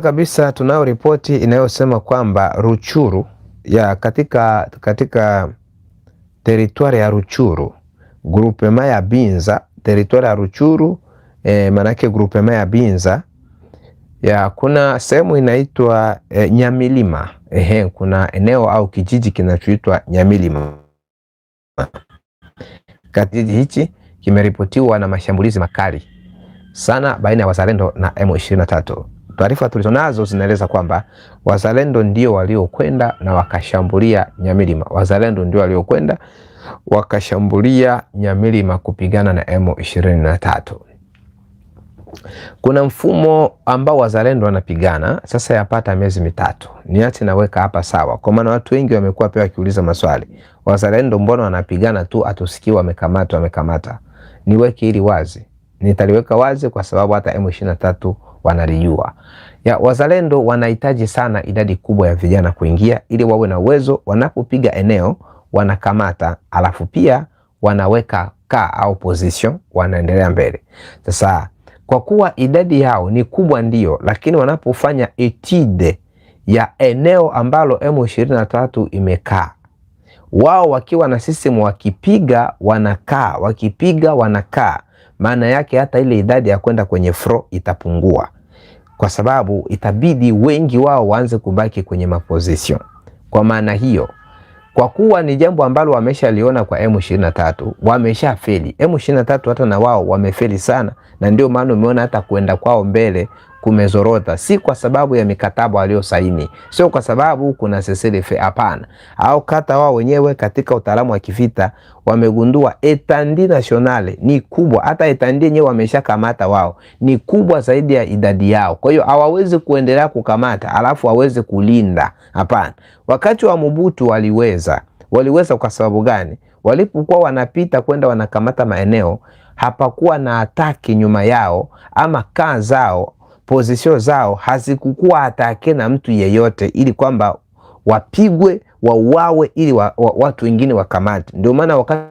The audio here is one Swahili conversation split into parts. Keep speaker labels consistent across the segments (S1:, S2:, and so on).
S1: Kabisa tunao ripoti inayosema kwamba Ruchuru ya katika, katika teritwari ya Ruchuru grupema ya Binza teritwari ya Ruchuru e, manake grupema ya Binza ya kuna sehemu inaitwa e, Nyamilima. Ehe, kuna eneo au kijiji kinachoitwa Nyamilima. Kijiji hichi kimeripotiwa na mashambulizi makali sana baina ya wazalendo na M23 taarifa tulizonazo zinaeleza kwamba wazalendo ndio waliokwenda na wakashambulia Nyamilima. Wazalendo ndio waliokwenda wakashambulia Nyamilima kupigana na M23. Kuna mfumo ambao wazalendo wanapigana sasa yapata miezi mitatu. Niache naweka hapa sawa, kwa maana watu wengi wamekuwa pia wakiuliza maswali, wazalendo mbona wanapigana tu atusikii wamekamata wamekamata? Niweke hili wazi, nitaliweka wazi kwa sababu hata M23 wanalijua. Ya, wazalendo wanahitaji sana idadi kubwa ya vijana kuingia ili wawe na uwezo, wanapopiga eneo wanakamata, alafu pia wanaweka ka au position, wanaendelea mbele. Sasa kwa kuwa idadi yao ni kubwa ndio lakini wanapofanya etide ya eneo ambalo M23 imekaa wao wakiwa na system, wakipiga wanakaa, wakipiga wanakaa, maana yake hata ile idadi ya kwenda kwenye fro itapungua kwa sababu itabidi wengi wao waanze kubaki kwenye maposition. Kwa maana hiyo, kwa kuwa ni jambo ambalo wameshaliona kwa M23, wamesha feli M23 hata na wao wamefeli sana, na ndio maana umeona hata kuenda kwao mbele kumezorota, si kwa sababu ya mikataba waliosaini, sio kwa sababu kuna seselefe, hapana. Au kata wao wenyewe katika utaalamu wa kivita wamegundua etandi nationale ni kubwa, hata etandi yenyewe wameshakamata wao ni kubwa zaidi ya idadi yao. Kwa hiyo hawawezi kuendelea kukamata alafu waweze kulinda, hapana. Wakati wa Mobutu waliweza, waliweza kwa sababu gani? Walipokuwa wanapita kwenda wanakamata maeneo, hapakuwa na ataki nyuma yao ama kaa zao position zao hazikukuwa atake na mtu yeyote, ili kwamba wapigwe wauawe, ili wa, wa, watu wengine wakamate. Ndio maana wakati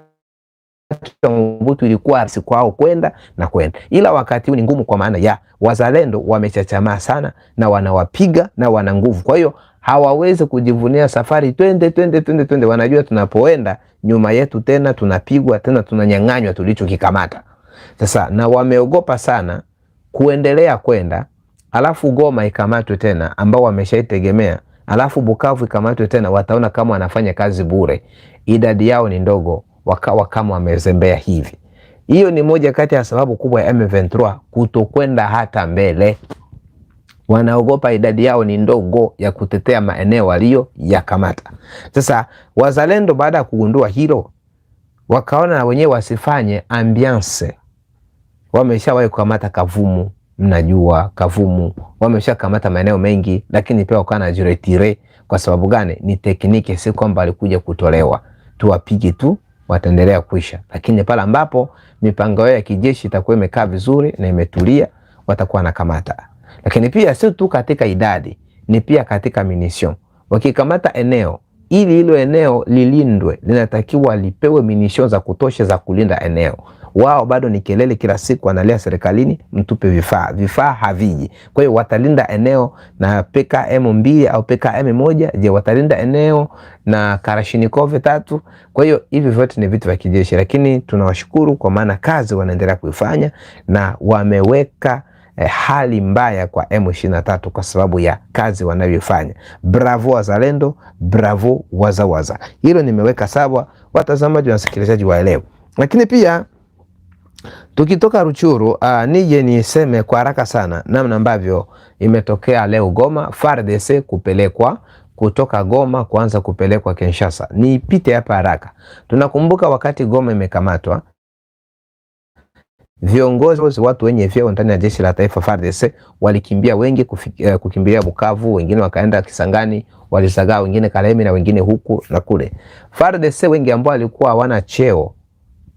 S1: Mobutu ilikuwa si kwao kwenda na kwenda, ila wakati huu ni ngumu, kwa maana ya wazalendo wamechachamaa sana na wanawapiga na wana nguvu, kwa hiyo hawawezi kujivunia safari twende twende twende twende. Wanajua tunapoenda nyuma yetu tena tunapigwa tena tunanyang'anywa tulichokikamata. Sasa na wameogopa sana kuendelea kwenda, alafu Goma ikamatwe tena ambao wameshaitegemea, alafu Bukavu ikamatwe tena, wataona kama wanafanya kazi bure, idadi yao ni ndogo, wakawa kama wamezembea hivi. Hiyo ni moja kati ya sababu kubwa ya M23 kutokwenda hata mbele. Wanaogopa idadi yao ni ndogo ya kutetea maeneo walio yakamata. Sasa wazalendo baada ya kugundua hilo, wakaona na wenyewe wasifanye ambiance wameshawahi kukamata Kavumu, mnajua Kavumu wameshakamata maeneo mengi, lakini pia wakawa najiretire. Kwa sababu gani? Ni tekniki, si kwamba alikuja kutolewa tuwapige tu wataendelea kuisha, lakini pale ambapo mipango yao ya kijeshi itakuwa imekaa vizuri na imetulia, watakuwa nakamata. Lakini pia si tu katika idadi, ni pia katika minisio. Wakikamata eneo ili hilo eneo lilindwe, linatakiwa lipewe minisio za kutosha za kulinda eneo wao bado ni kelele, kila siku analia serikalini, mtupe vifaa. Vifaa haviji. Kwa hiyo watalinda eneo na PKM mbili au PKM moja? Je, watalinda eneo na Kalashnikov tatu? Kwa hiyo hivi vyote ni vitu vya kijeshi, lakini tunawashukuru kwa maana kazi wanaendelea kuifanya na wameweka eh, hali mbaya kwa M23 kwa sababu ya kazi wanayoifanya. Bravo wazalendo, bravo wazawaza. Hilo nimeweka sawa, watazamaji na wasikilizaji waelewe, lakini pia Tukitoka Ruchuru uh, nije niseme kwa haraka sana namna ambavyo imetokea leo Goma FARDC kupelekwa kutoka Goma kuanza kupelekwa Kinshasa. Nipite hapa haraka. Tunakumbuka wakati Goma imekamatwa, viongozi watu wenye vyeo ndani ya jeshi la taifa FARDC walikimbia wengi uh, kukimbilia Bukavu, wengine wakaenda Kisangani, walizagaa wengine Kalemi na wengine huku na kule. FARDC wengi ambao walikuwa hawana cheo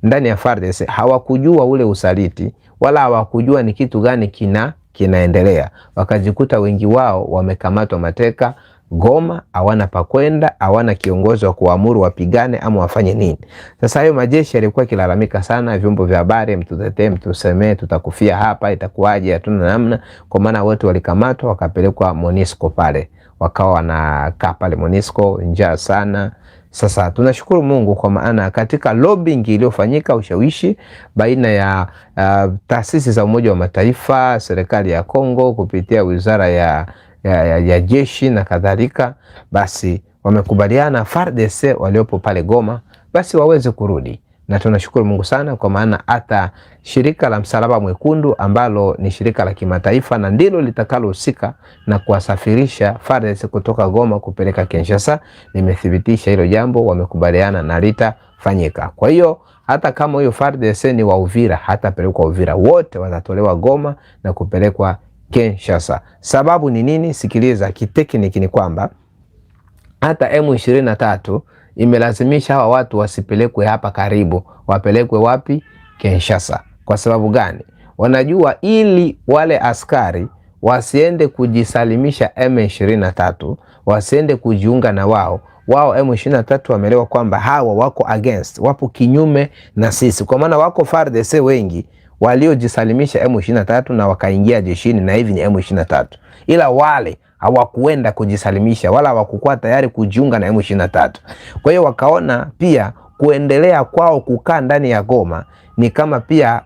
S1: ndani ya FARDC hawakujua ule usaliti wala hawakujua ni kitu gani kina kinaendelea, wakajikuta wengi wao wamekamatwa mateka Goma, hawana pa kwenda, hawana kiongozi wa kuamuru wapigane ama wafanye nini. Sasa hayo majeshi yalikuwa kilalamika sana, vyombo vya habari, mtutetee, mtusemee, tutakufia hapa, itakuwaje? Hatuna namna. Kwa maana wote walikamatwa wakapelekwa Monisco pale, wakawa wanakaa pale Monisco, njaa sana sasa tunashukuru Mungu kwa maana katika lobbying iliyofanyika, ushawishi baina ya uh, taasisi za Umoja wa Mataifa, serikali ya Kongo kupitia wizara ya, ya, ya, ya jeshi na kadhalika, basi wamekubaliana FARDC waliopo pale Goma basi waweze kurudi na tunashukuru Mungu sana kwa maana hata shirika la Msalaba Mwekundu ambalo ni shirika la kimataifa na ndilo litakalohusika na kuwasafirisha Fares kutoka Goma kupeleka Kinshasa, limethibitisha hilo jambo, wamekubaliana na litafanyika. Kwa hiyo hata kama huyo Fares ni wa Uvira, hatapelekwa Uvira, wote watatolewa Goma na kupelekwa Kinshasa. Sababu ni nini? Sikiliza, kitekniki ni kwamba hata M23 imelazimisha hawa watu wasipelekwe hapa karibu, wapelekwe wapi? Kinshasa. Kwa sababu gani? Wanajua ili wale askari wasiende kujisalimisha M23, wasiende kujiunga na wao wao M23 wameelewa kwamba hawa wako against, wapo kinyume na sisi, kwa maana wako FARDC wengi waliojisalimisha M23 na wakaingia jeshini na hivi ni M23, ila wale hawakuenda kujisalimisha wala hawakukuwa tayari kujiunga na M23. Kwa hiyo wakaona pia kuendelea kwao kukaa ndani ya Goma ni kama pia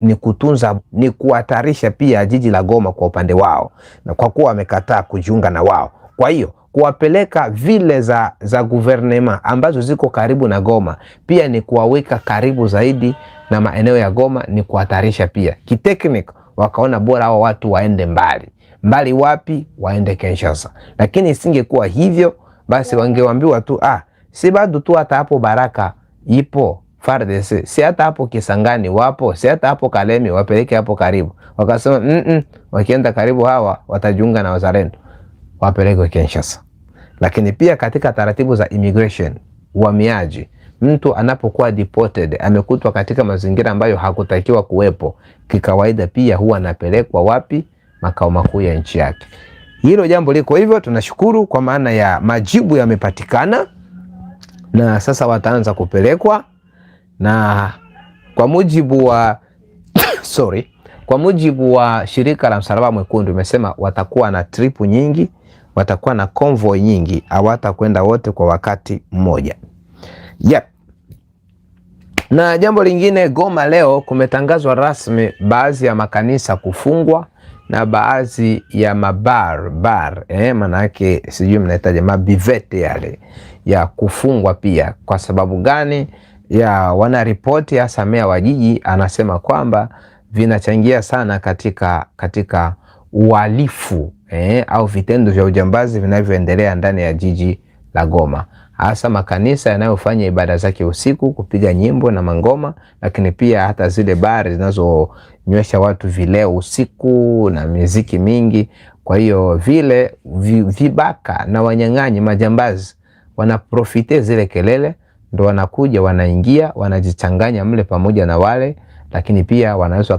S1: ni kutunza ni kuhatarisha pia jiji la Goma kwa upande wao, na kwa kuwa wamekataa kujiunga na wao, kwa hiyo kuwapeleka vile za, za guvernema ambazo ziko karibu na Goma pia ni kuwaweka karibu zaidi na maeneo ya Goma, ni kuhatarisha pia kiteknik. Wakaona bora hao watu waende mbali mbali wapi, waende Kinshasa. Lakini isingekuwa hivyo, basi wangeambiwa tu ah, si bado tu hata hapo Baraka ipo FARDC, si hata hapo Kisangani wapo, si hata hapo Kalemi, wapeleke hapo karibu. Wakasema mm -mm, wakienda karibu hawa watajiunga na wazalendo, wapelekwe Kinshasa. Lakini pia katika taratibu za immigration, uhamiaji mtu anapokuwa deported amekutwa katika mazingira ambayo hakutakiwa kuwepo, kikawaida pia huwa anapelekwa wapi? makao makuu ya nchi yake. Hilo jambo liko hivyo, tunashukuru kwa maana ya majibu yamepatikana, na sasa wataanza kupelekwa na kwa mujibu wa sorry, kwa mujibu wa shirika la Msalaba Mwekundu imesema watakuwa na tripu nyingi, watakuwa na convoy nyingi, hawatakwenda wote kwa wakati mmoja. Yep. Na jambo lingine, Goma leo kumetangazwa rasmi baadhi ya makanisa kufungwa na baadhi ya mabar bar, eh, manake sijui mnaitaje mabivete yale ya kufungwa pia. Kwa sababu gani? ya wanaripoti hasa meya wa jiji anasema kwamba vinachangia sana katika katika uhalifu eh, au vitendo vya ujambazi vinavyoendelea ndani ya jiji la Goma hasa makanisa yanayofanya ibada zake usiku kupiga nyimbo na mangoma, lakini pia hata zile bari zinazonywesha watu vileo usiku na miziki mingi. Kwa hiyo vile vibaka na wanyang'anyi, majambazi wanaprofite zile kelele, ndo wanakuja wanaingia, wanajichanganya mle pamoja na wale, lakini pia wanaweza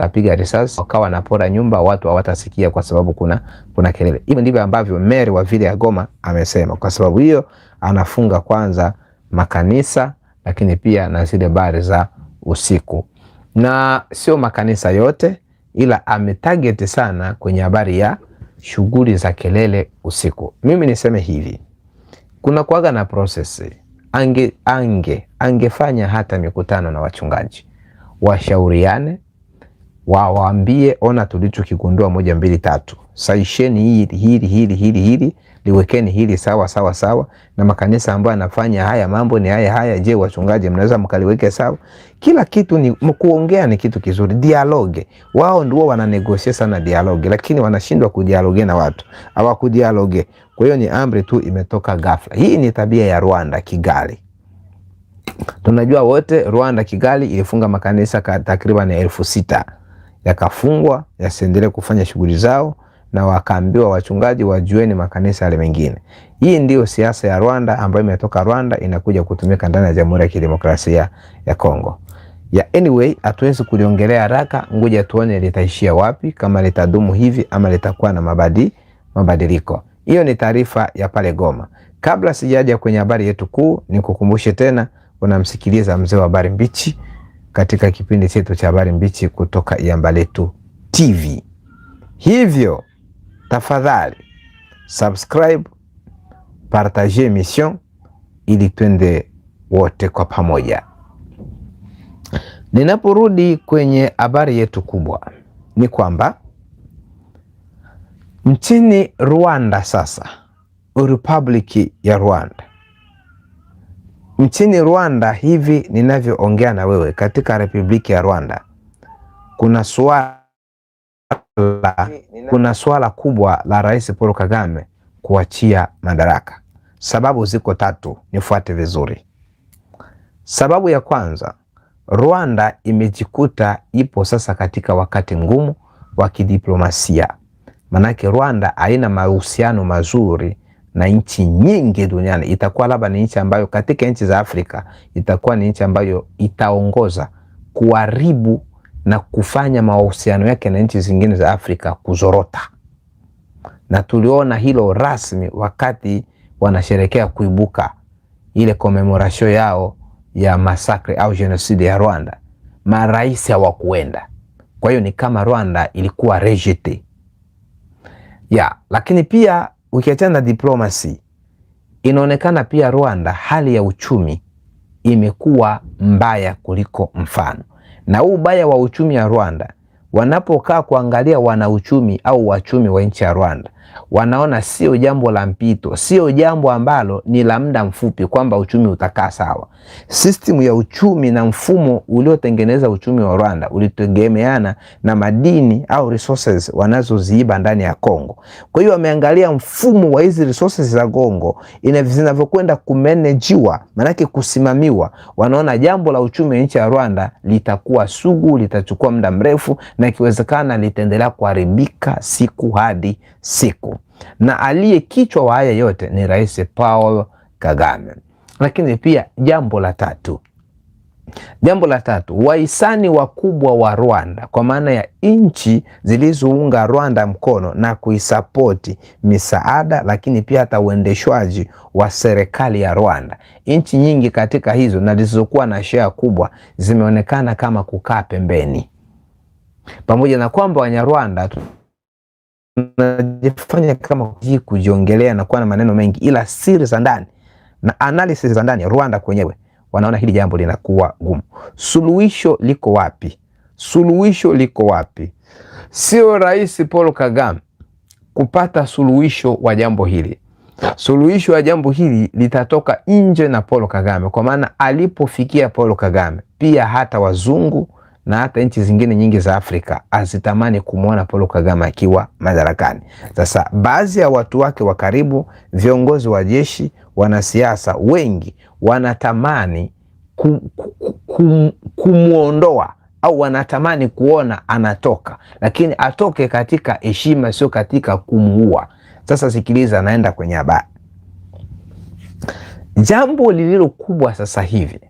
S1: kapiga risasi, wakawa wanapora nyumba, watu hawatasikia kwa sababu kuna, kuna kelele. Hivyo ndivyo ambavyo meri wa Vile ya Goma amesema. Kwa sababu hiyo anafunga kwanza makanisa, lakini pia na zile bari za usiku, na sio makanisa yote, ila ametarget sana kwenye habari ya shughuli za kelele usiku. Mimi niseme hivi, kuna kuaga na process. Ange, ange angefanya hata mikutano na wachungaji washauriane wawaambie, ona tulichokigundua, moja mbili tatu, saisheni hili hili hili hili hili, liwekeni hili sawa sawa sawa, na makanisa ambayo anafanya haya mambo ni haya haya. Je, wachungaji mnaweza mkaliweke sawa? Kila kitu ni kuongea, ni kitu kizuri, dialogue. Wao ndio wananegosia sana dialogue, lakini wanashindwa kudialoge na watu, hawakudialoge. Kwa hiyo ni amri tu imetoka ghafla. Hii ni tabia ya Rwanda, Kigali. Tunajua wote Rwanda Kigali ilifunga makanisa takriban elfu sita yakafungwa yasiendelee kufanya shughuli zao, na wakaambiwa wachungaji wajueni makanisa yale mengine. Hii ndiyo siasa ya Rwanda ambayo imetoka Rwanda inakuja kutumika ndani ya Jamhuri ya Kidemokrasia ya Kongo. Ya anyway, hatuwezi kuliongelea haraka, ngoja tuone litaishia wapi, kama litadumu hivi ama litakuwa na mabadi, mabadiliko. Hiyo ni taarifa ya pale Goma. Kabla sijaja kwenye habari yetu kuu, nikukumbushe tena unamsikiliza mzee wa habari mbichi katika kipindi chetu cha habari mbichi kutoka iamba Letu TV. Hivyo tafadhali subscribe, partage emission ili twende wote kwa pamoja. Ninaporudi kwenye habari yetu kubwa ni kwamba nchini Rwanda sasa, Republic ya Rwanda Nchini Rwanda hivi ninavyoongea na wewe, katika Republiki ya Rwanda kuna swala, kuna swala kubwa la Rais Paul Kagame kuachia madaraka. Sababu ziko tatu, nifuate vizuri. Sababu ya kwanza, Rwanda imejikuta ipo sasa katika wakati ngumu wa kidiplomasia, manake Rwanda haina mahusiano mazuri na nchi nyingi duniani, itakuwa labda ni nchi ambayo katika nchi za Afrika itakuwa ni nchi ambayo itaongoza kuharibu na kufanya mahusiano yake na nchi zingine za Afrika kuzorota, na tuliona hilo rasmi wakati wanasherekea kuibuka ile komemorasho yao ya masakre au jenoside ya Rwanda, marais hawakuenda. Kwa hiyo ni kama Rwanda ilikuwa rejete ya, lakini pia Ukiachana na diplomasi, inaonekana pia Rwanda hali ya uchumi imekuwa mbaya kuliko mfano, na huu ubaya wa uchumi ya Rwanda wanapokaa kuangalia wanauchumi au wachumi wa nchi ya Rwanda wanaona sio jambo la mpito, sio jambo ambalo ni la muda mfupi kwamba uchumi utakaa sawa. System ya uchumi na mfumo uliotengeneza uchumi wa Rwanda ulitegemeana na madini au resources wanazoziiba ndani ya Kongo. Kwa hiyo wameangalia mfumo wa hizi resources za Kongo zinavyokwenda kumenejiwa, maanake kusimamiwa. Wanaona jambo la uchumi wa nchi ya Rwanda litakuwa sugu, litachukua muda mrefu na ikiwezekana litaendelea kuharibika siku hadi siku siku, na aliye kichwa wa haya yote ni Rais Paul Kagame. Lakini pia jambo la tatu, jambo la tatu, wahisani wakubwa wa Rwanda kwa maana ya nchi zilizounga Rwanda mkono na kuisapoti misaada, lakini pia hata uendeshwaji wa serikali ya Rwanda. Nchi nyingi katika hizo na zilizokuwa na shea kubwa zimeonekana kama kukaa pembeni, pamoja na kwamba Wanyarwanda najifanya kama ji kujiongelea na kuwa na maneno mengi, ila siri za ndani na analysis za ndani Rwanda kwenyewe wanaona hili jambo linakuwa gumu. Suluhisho liko wapi? Suluhisho liko wapi? Sio Rais Paul Kagame kupata suluhisho wa jambo hili. Suluhisho ya jambo hili litatoka nje na Paul Kagame, kwa maana alipofikia Paul Kagame pia hata wazungu na hata nchi zingine nyingi za Afrika hazitamani kumwona Paul Kagame akiwa madarakani. Sasa baadhi ya watu wake wa karibu, viongozi wa jeshi, wanasiasa wengi wanatamani kum, kum, kumwondoa au wanatamani kuona anatoka, lakini atoke katika heshima, sio katika kumuua. Sasa sikiliza, naenda kwenye habari. Jambo lililo kubwa sasa hivi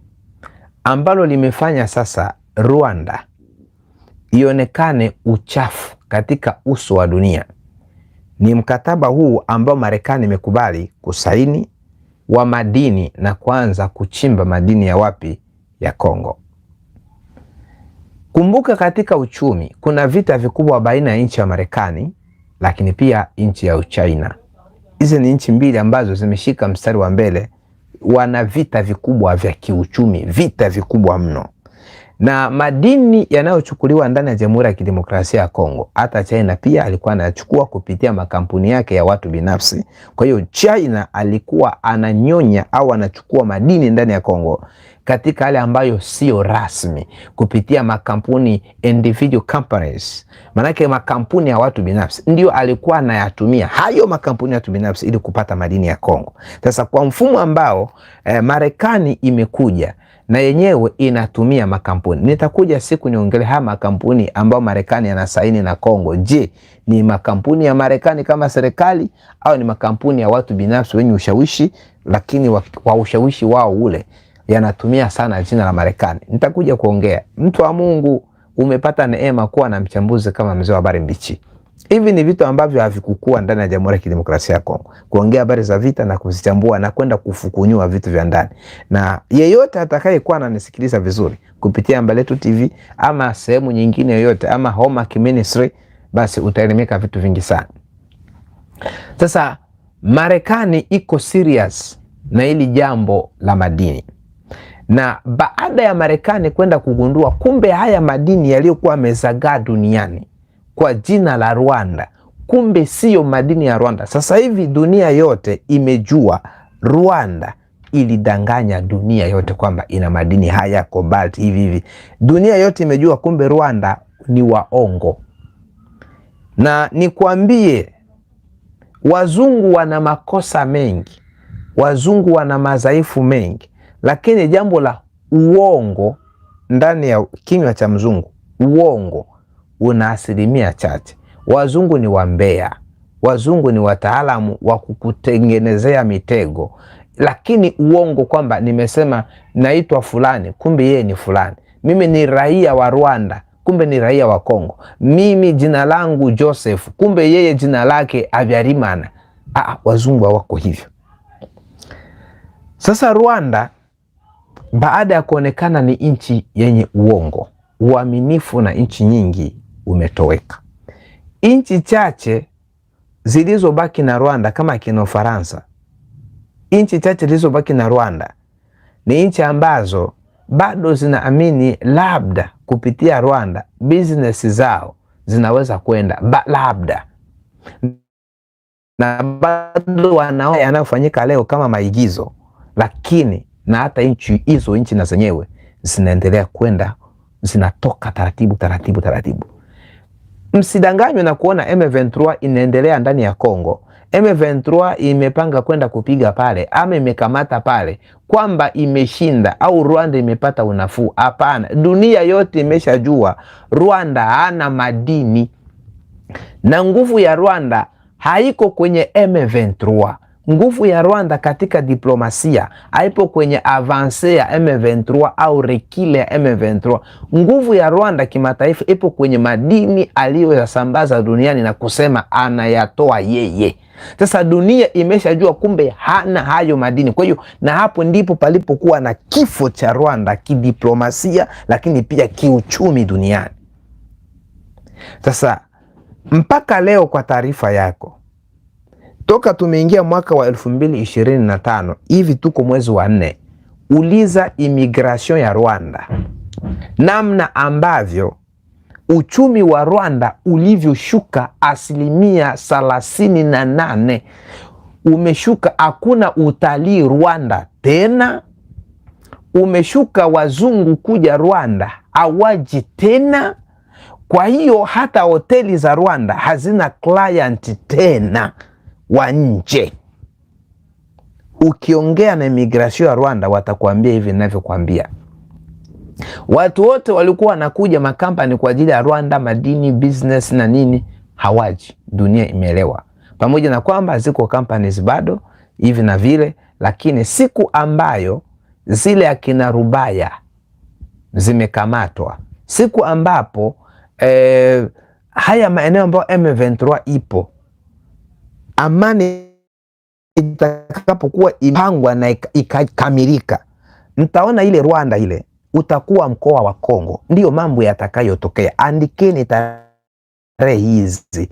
S1: ambalo limefanya sasa Rwanda ionekane uchafu katika uso wa dunia. Ni mkataba huu ambao Marekani imekubali kusaini wa madini na kuanza kuchimba madini ya wapi? Ya Kongo. Kumbuka katika uchumi kuna vita vikubwa baina ya nchi ya Marekani lakini pia nchi ya Uchina. Hizi ni nchi mbili ambazo zimeshika mstari wa mbele, wana vita vikubwa vya kiuchumi, vita vikubwa mno na madini yanayochukuliwa ndani ya Jamhuri ya Kidemokrasia ya Kongo, hata China pia alikuwa anachukua kupitia makampuni yake ya watu binafsi. Kwa hiyo China alikuwa ananyonya au anachukua madini ndani ya Kongo katika hali ambayo sio rasmi kupitia makampuni individual companies, maanake makampuni ya watu binafsi ndio alikuwa anayatumia hayo makampuni ya watu binafsi ili kupata madini ya Kongo. Sasa kwa mfumo ambao eh, Marekani imekuja na yenyewe inatumia makampuni. Nitakuja siku niongele haya makampuni ambayo Marekani yanasaini na Kongo. Je, ni makampuni ya Marekani kama serikali au ni makampuni ya watu binafsi wenye ushawishi, lakini wa, wa ushawishi wao ule yanatumia sana jina la Marekani. Nitakuja kuongea. Mtu wa Mungu, umepata neema kuwa na mchambuzi kama mzee wa habari mbichi. Hivi ni vitu ambavyo havikukua ndani ya Jamhuri ya Kidemokrasia ya Kongo, kuongea habari za vita na kuzichambua na kwenda kufukunyua vitu vya ndani. Na yeyote atakayekuwa ananisikiliza vizuri kupitia Mbaletu TV ama sehemu nyingine yoyote ama Hallmark Ministry, basi utaelimika vitu vingi sana. Sasa Marekani iko serious na hili jambo la madini, na baada ya Marekani kwenda kugundua kumbe haya madini yaliyokuwa yamezagaa duniani kwa jina la Rwanda, kumbe siyo madini ya Rwanda. Sasa hivi dunia yote imejua Rwanda ilidanganya dunia yote kwamba ina madini haya cobalt hivi hivi. Dunia yote imejua kumbe Rwanda ni waongo. Na nikwambie, wazungu wana makosa mengi, wazungu wana madhaifu mengi, lakini jambo la uongo ndani ya kinywa cha mzungu uongo una asilimia chache. Wazungu ni wambea, wazungu ni wataalamu wa kukutengenezea mitego, lakini uongo kwamba nimesema naitwa fulani, kumbe yeye ni fulani. Mimi ni raia wa Rwanda, kumbe ni raia wa Kongo. Mimi jina langu Joseph, kumbe yeye jina lake Abyarimana. Aa, ah, ah, wazungu hawako hivyo. Sasa Rwanda baada ya kuonekana ni nchi yenye uongo, uaminifu na nchi nyingi umetoweka. Nchi chache zilizobaki na Rwanda kama kina Ufaransa, nchi chache zilizobaki na Rwanda ni nchi ambazo bado zinaamini labda kupitia Rwanda bizinesi zao zinaweza kwenda ba, labda na bado wanaona yanayofanyika leo kama maigizo, lakini na hata nchi hizo nchi na zenyewe zinaendelea kwenda, zinatoka taratibu taratibu taratibu. Msidanganywe na kuona M23 inaendelea ndani ya Kongo. M23 imepanga kwenda kupiga pale ama imekamata pale, kwamba imeshinda au Rwanda imepata unafuu? Hapana, dunia yote imeshajua Rwanda hana madini na nguvu ya Rwanda haiko kwenye M23. Nguvu ya Rwanda katika diplomasia haipo kwenye avanse ya M23 au rekile ya M23. Nguvu ya Rwanda kimataifa ipo kwenye madini aliyoyasambaza duniani na kusema anayatoa yeye. Sasa dunia imeshajua kumbe hana hayo madini. Kwa hiyo, na hapo ndipo palipokuwa na kifo cha Rwanda kidiplomasia, lakini pia kiuchumi duniani. Sasa mpaka leo, kwa taarifa yako toka tumeingia mwaka wa elfu tano hivi tuko mwezi wa nne, uliza immigration ya Rwanda namna ambavyo uchumi wa Rwanda ulivyoshuka asilimia thelathini na nane umeshuka. Hakuna utalii Rwanda tena, umeshuka. Wazungu kuja Rwanda awaji tena, kwa hiyo hata hoteli za Rwanda hazina client tena wa nje. Ukiongea na imigrasio ya Rwanda watakuambia hivi ninavyokuambia. Watu wote walikuwa wanakuja makampani kwa ajili ya Rwanda, madini, business na nini, hawaji. Dunia imeelewa, pamoja na kwamba ziko companies bado hivi na vile, lakini siku ambayo zile akina Rubaya zimekamatwa, siku ambapo eh, haya maeneo ambayo M23 ipo amani itakapokuwa imepangwa na ikakamilika, mtaona ile Rwanda ile utakuwa mkoa wa Kongo. Ndiyo mambo yatakayotokea. Andikeni tarehe hizi.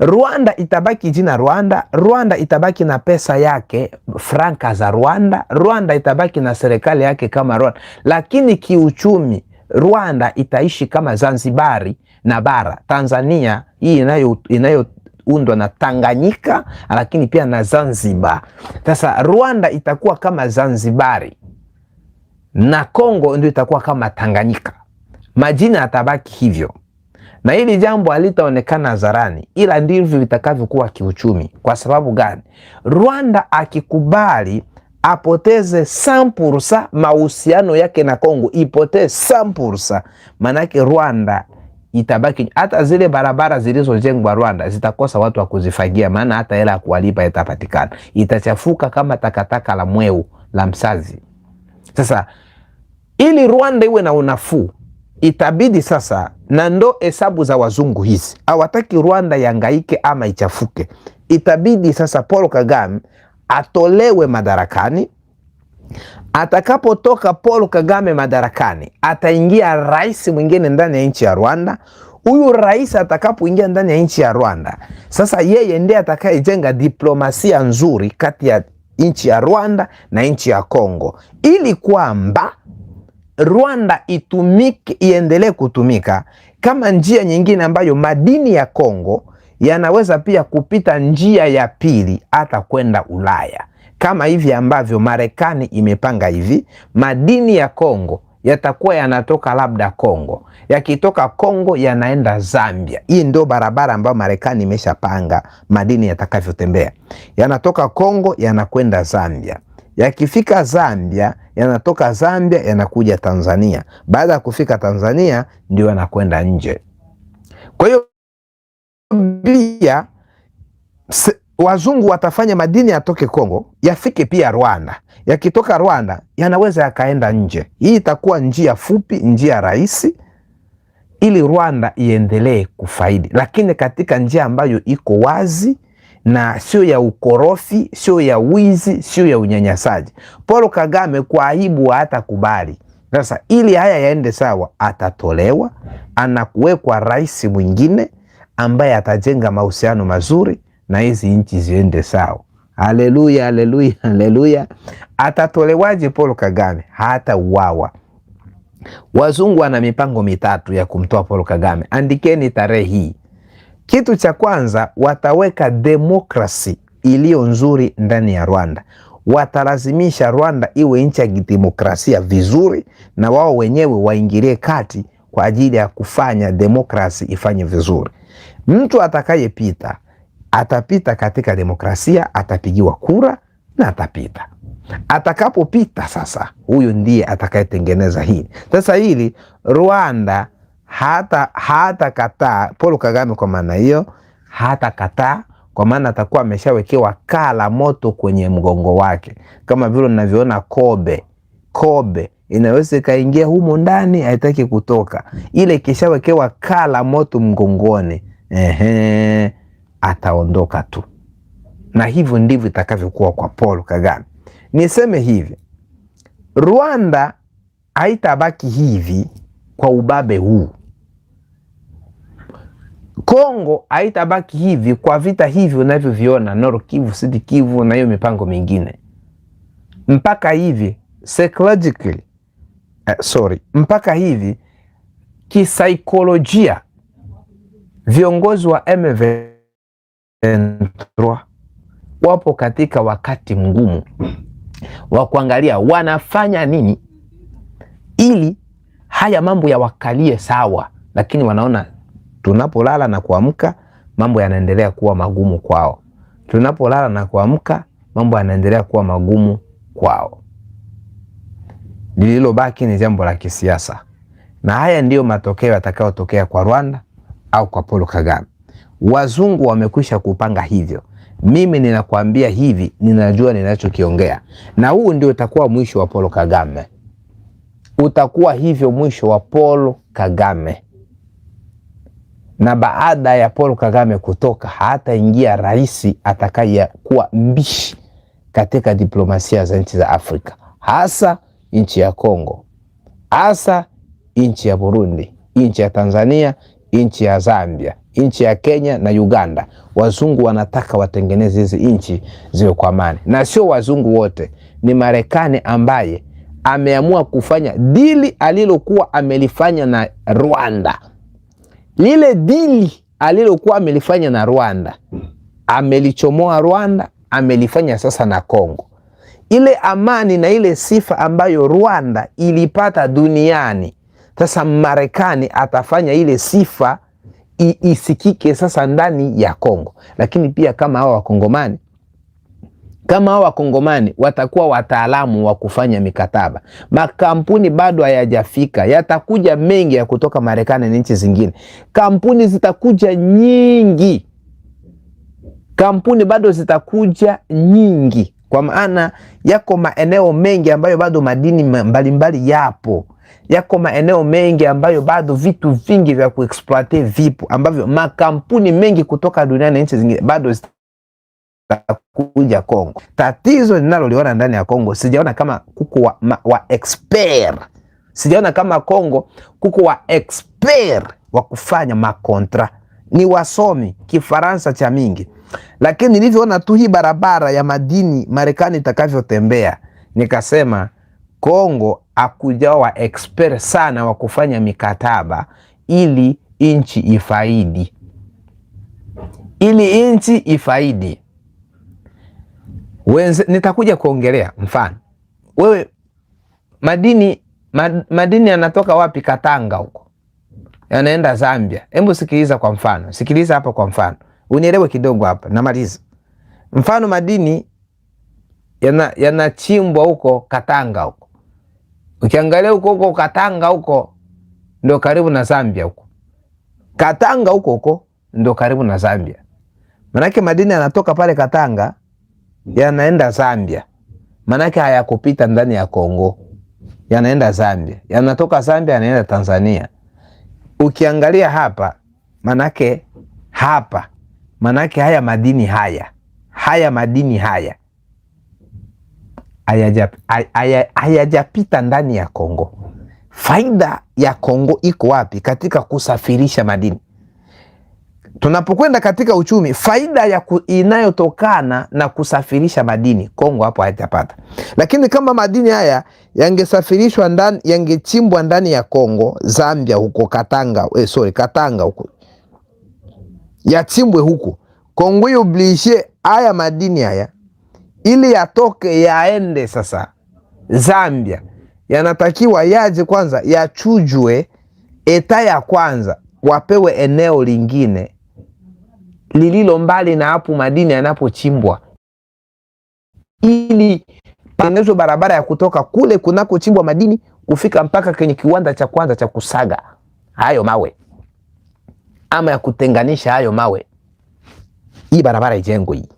S1: Rwanda itabaki jina Rwanda. Rwanda itabaki na pesa yake, franka za Rwanda. Rwanda itabaki na serikali yake kama Rwanda, lakini kiuchumi Rwanda itaishi kama Zanzibari na bara Tanzania hii inayo, inayo iliyoundwa na Tanganyika, lakini pia na Zanzibar. Sasa Rwanda itakuwa kama Zanzibari na Kongo ndio itakuwa kama Tanganyika, majina yatabaki hivyo na hili jambo halitaonekana hadharani, ila ndivyo vitakavyokuwa kiuchumi. Kwa sababu gani? Rwanda akikubali apoteze sampursa mahusiano yake na Kongo, ipotee sampursa, maanake Rwanda itabaki hata zile barabara zilizojengwa Rwanda zitakosa watu wa kuzifagia, maana hata hela ya kuwalipa itapatikana, itachafuka kama takataka la mweu la msazi. Sasa ili Rwanda iwe na unafuu, itabidi sasa, na ndo hesabu za wazungu hizi, hawataki Rwanda yangaike ama ichafuke. Itabidi sasa Paul Kagame atolewe madarakani Atakapotoka Paul Kagame madarakani, ataingia rais mwingine ndani ya nchi ya Rwanda. Huyu rais atakapoingia ndani ya nchi ya Rwanda, sasa yeye ndiye atakayejenga diplomasia nzuri kati ya nchi ya Rwanda na nchi ya Kongo, ili kwamba Rwanda itumike, iendelee kutumika kama njia nyingine ambayo madini ya Kongo yanaweza pia kupita njia ya pili hata kwenda Ulaya kama hivi ambavyo Marekani imepanga hivi, madini ya Kongo yatakuwa yanatoka labda Kongo, yakitoka Kongo yanaenda Zambia. Hii ndio barabara ambayo Marekani imeshapanga madini yatakavyotembea, yanatoka Kongo yanakwenda Zambia, yakifika Zambia yanatoka Zambia yanakuja Tanzania, baada ya kufika Tanzania ndio yanakwenda nje. Kwa hiyo pia wazungu watafanya madini yatoke Kongo yafike pia Rwanda, yakitoka Rwanda yanaweza yakaenda nje. Hii itakuwa njia fupi, njia rahisi ili Rwanda iendelee kufaidi, lakini katika njia ambayo iko wazi na sio ya ukorofi, sio ya wizi, sio ya unyanyasaji. Paul Kagame kwa aibu hata kubali. Sasa ili haya yaende sawa, atatolewa, anakuwekwa rais mwingine ambaye atajenga mahusiano mazuri na hizi nchi ziende sawa. Haleluya, haleluya, haleluya. Atatolewaje Paul Kagame? Hata uwawa. Wazungu wana mipango mitatu ya kumtoa Paul Kagame, andikeni tarehe hii. Kitu cha kwanza wataweka demokrasi iliyo nzuri ndani ya Rwanda. Watalazimisha Rwanda iwe nchi ya kidemokrasia vizuri, na wao wenyewe waingilie kati kwa ajili ya kufanya demokrasi ifanye vizuri. Mtu atakayepita atapita katika demokrasia, atapigiwa kura na atapita. Atakapopita sasa, huyu ndiye atakayetengeneza hili sasa. Hili Rwanda hata hatakataa Paul Kagame, kwa maana hiyo kataa, kwa maana atakuwa ameshawekewa kala moto kwenye mgongo wake, kama vile ninavyoona kobe. Kobe inaweza ikaingia humo ndani, haitaki kutoka. Ile ikishawekewa kala moto mgongoni, ehe ataondoka tu, na hivyo ndivyo itakavyokuwa kwa Paul Kagame. Niseme hivi, Rwanda haitabaki hivi kwa ubabe huu. Kongo haitabaki hivi kwa vita hivi unavyoviona Nord Kivu, Sud Kivu na hiyo mipango mingine mpaka hivi psychologically, eh, sorry, mpaka hivi kisaikolojia viongozi wa MV Central wapo katika wakati mgumu wa kuangalia wanafanya nini ili haya mambo yawakalie sawa, lakini wanaona tunapolala na kuamka mambo yanaendelea kuwa magumu kwao, tunapolala na kuamka mambo yanaendelea kuwa magumu kwao. Lililobaki ni jambo la kisiasa, na haya ndiyo matokeo yatakayotokea kwa Rwanda au kwa Paul Kagame. Wazungu wamekwisha kupanga hivyo. Mimi ninakwambia hivi, ninajua ninachokiongea, na huu ndio utakuwa mwisho wa Paul Kagame, utakuwa hivyo mwisho wa Paul Kagame. Na baada ya Paul Kagame kutoka, hataingia rais atakayekuwa mbishi katika diplomasia za nchi za Afrika, hasa nchi ya Kongo, hasa nchi ya Burundi, nchi ya Tanzania nchi ya Zambia, nchi ya Kenya na Uganda. Wazungu wanataka watengeneze hizi nchi ziwe kwa amani, na sio wazungu wote, ni Marekani ambaye ameamua kufanya dili alilokuwa amelifanya na Rwanda. Lile dili alilokuwa amelifanya na Rwanda, amelichomoa Rwanda, amelifanya sasa na Kongo. Ile amani na ile sifa ambayo Rwanda ilipata duniani sasa Marekani atafanya ile sifa i, isikike sasa ndani ya Kongo, lakini pia kama hao wakongomani kama hao wakongomani watakuwa wataalamu wa kufanya mikataba, makampuni bado hayajafika, yatakuja mengi ya kutoka Marekani na nchi zingine. Kampuni zitakuja nyingi, kampuni bado zitakuja nyingi, kwa maana yako maeneo mengi ambayo bado madini mbalimbali mbali yapo yako maeneo mengi ambayo bado vitu vingi vya kuexploite vipo ambavyo makampuni mengi kutoka duniani nchi zingine bado zitakuja Kongo. Tatizo ninaloliona ndani ya Kongo, sijaona kama kuko wa, ma, wa expert, sijaona kama Kongo kuko wa expert wa kufanya makontra, ni wasomi Kifaransa cha mingi, lakini nilivyoona tu hii barabara ya madini Marekani itakavyotembea nikasema Kongo akujawa expert sana wa kufanya mikataba ili nchi ifaidi, ili nchi ifaidi. Wenze, nitakuja kuongelea mfano wewe madini mad, madini yanatoka wapi? Katanga huko yanaenda Zambia. Hebu sikiliza kwa mfano, sikiliza hapa kwa mfano unielewe kidogo hapa, namaliza. Mfano madini yanachimbwa yana huko Katanga huko Ukiangalia huko huko Katanga huko ndo karibu na Zambia huko. Katanga huko huko ndo karibu na Zambia. Manake madini yanatoka pale Katanga yanaenda Zambia. Manake hayakupita ndani ya Kongo. Yanaenda Zambia. Yanatoka Zambia yanaenda Tanzania. Ukiangalia hapa manake hapa manake haya madini haya haya madini haya hayajapita ndani ya Kongo. Faida ya Kongo iko wapi? Katika kusafirisha madini. Tunapokwenda katika uchumi, faida ya inayotokana na kusafirisha madini Kongo hapo haitapata. Lakini kama madini haya yangesafirishwa ndani, yangechimbwa ndani ya Kongo, Zambia huko Katanga, eh, sorry, Katanga huko yachimbwe huko Kongo, oblige haya madini haya ili yatoke yaende sasa Zambia, yanatakiwa yaje kwanza yachujwe, eta ya kwanza wapewe eneo lingine lililo mbali na hapo madini yanapochimbwa, ili patengenezwe barabara ya kutoka kule kunakochimbwa madini kufika mpaka kwenye kiwanda cha kwanza cha kusaga hayo mawe ama ya kutenganisha hayo mawe. Hii barabara ijengwe hii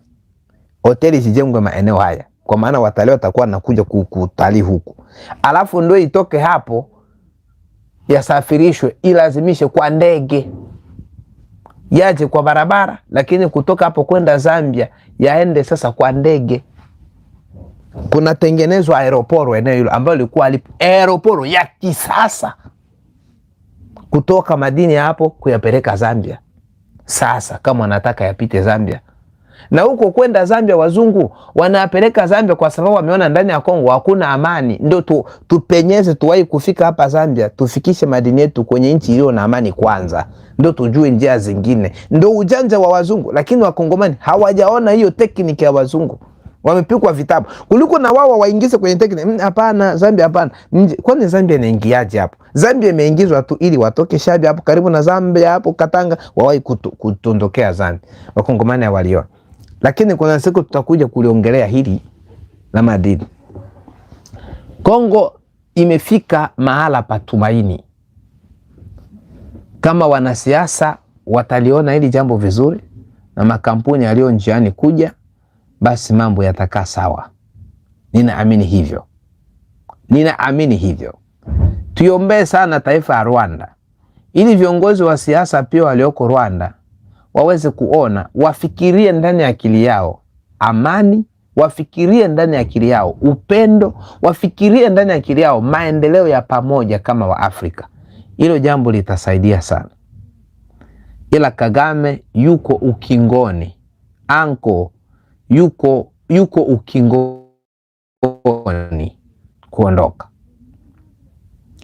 S1: hoteli zijengwe maeneo haya, kwa maana watalii watakuwa nakuja kutalii huku, alafu ndio itoke hapo yasafirishwe, ilazimishe kwa ndege yaje kwa barabara, lakini kutoka hapo kwenda Zambia yaende sasa kwa ndege. tengenezwa aeroporo eneo hilo ambayo ilikuwa alipo aeroporo ya kisasa kutoka madini hapo kuyapeleka Zambia. Sasa kama wanataka yapite Zambia, na huko kwenda Zambia, wazungu wanapeleka Zambia kwa sababu wameona ndani ya Kongo hakuna amani. Ndio tu, tupenyeze tuwahi kufika hapa Zambia, tufikishe madini yetu kwenye nchi iliyo na amani kwanza, ndio tujue njia zingine. Ndio ujanja wa wazungu, lakini wakongomani hawajaona hiyo tekniki ya wazungu wamepikwa vitabu kuliko na wao waingize kwenye tekniki. Mm, hapana, Zambia hapana. Kwani Zambia inaingiaje hapo? Zambia imeingizwa tu ili watoke Shabi hapo karibu na Zambia hapo Katanga, wawahi kutondokea Zambia. Wakongomani hawaliona lakini kuna siku tutakuja kuliongelea hili la madini. Kongo imefika mahala pa tumaini, kama wanasiasa wataliona hili jambo vizuri na makampuni yaliyo njiani kuja, basi mambo yatakaa sawa. Ninaamini hivyo, ninaamini hivyo. Tuiombee sana taifa ya Rwanda ili viongozi wa siasa pia walioko Rwanda waweze kuona, wafikirie ndani ya akili yao amani, wafikirie ndani ya akili yao upendo, wafikirie ndani ya akili yao maendeleo ya pamoja kama Waafrika. Hilo jambo litasaidia sana, ila Kagame yuko ukingoni, anko yuko yuko ukingoni kuondoka.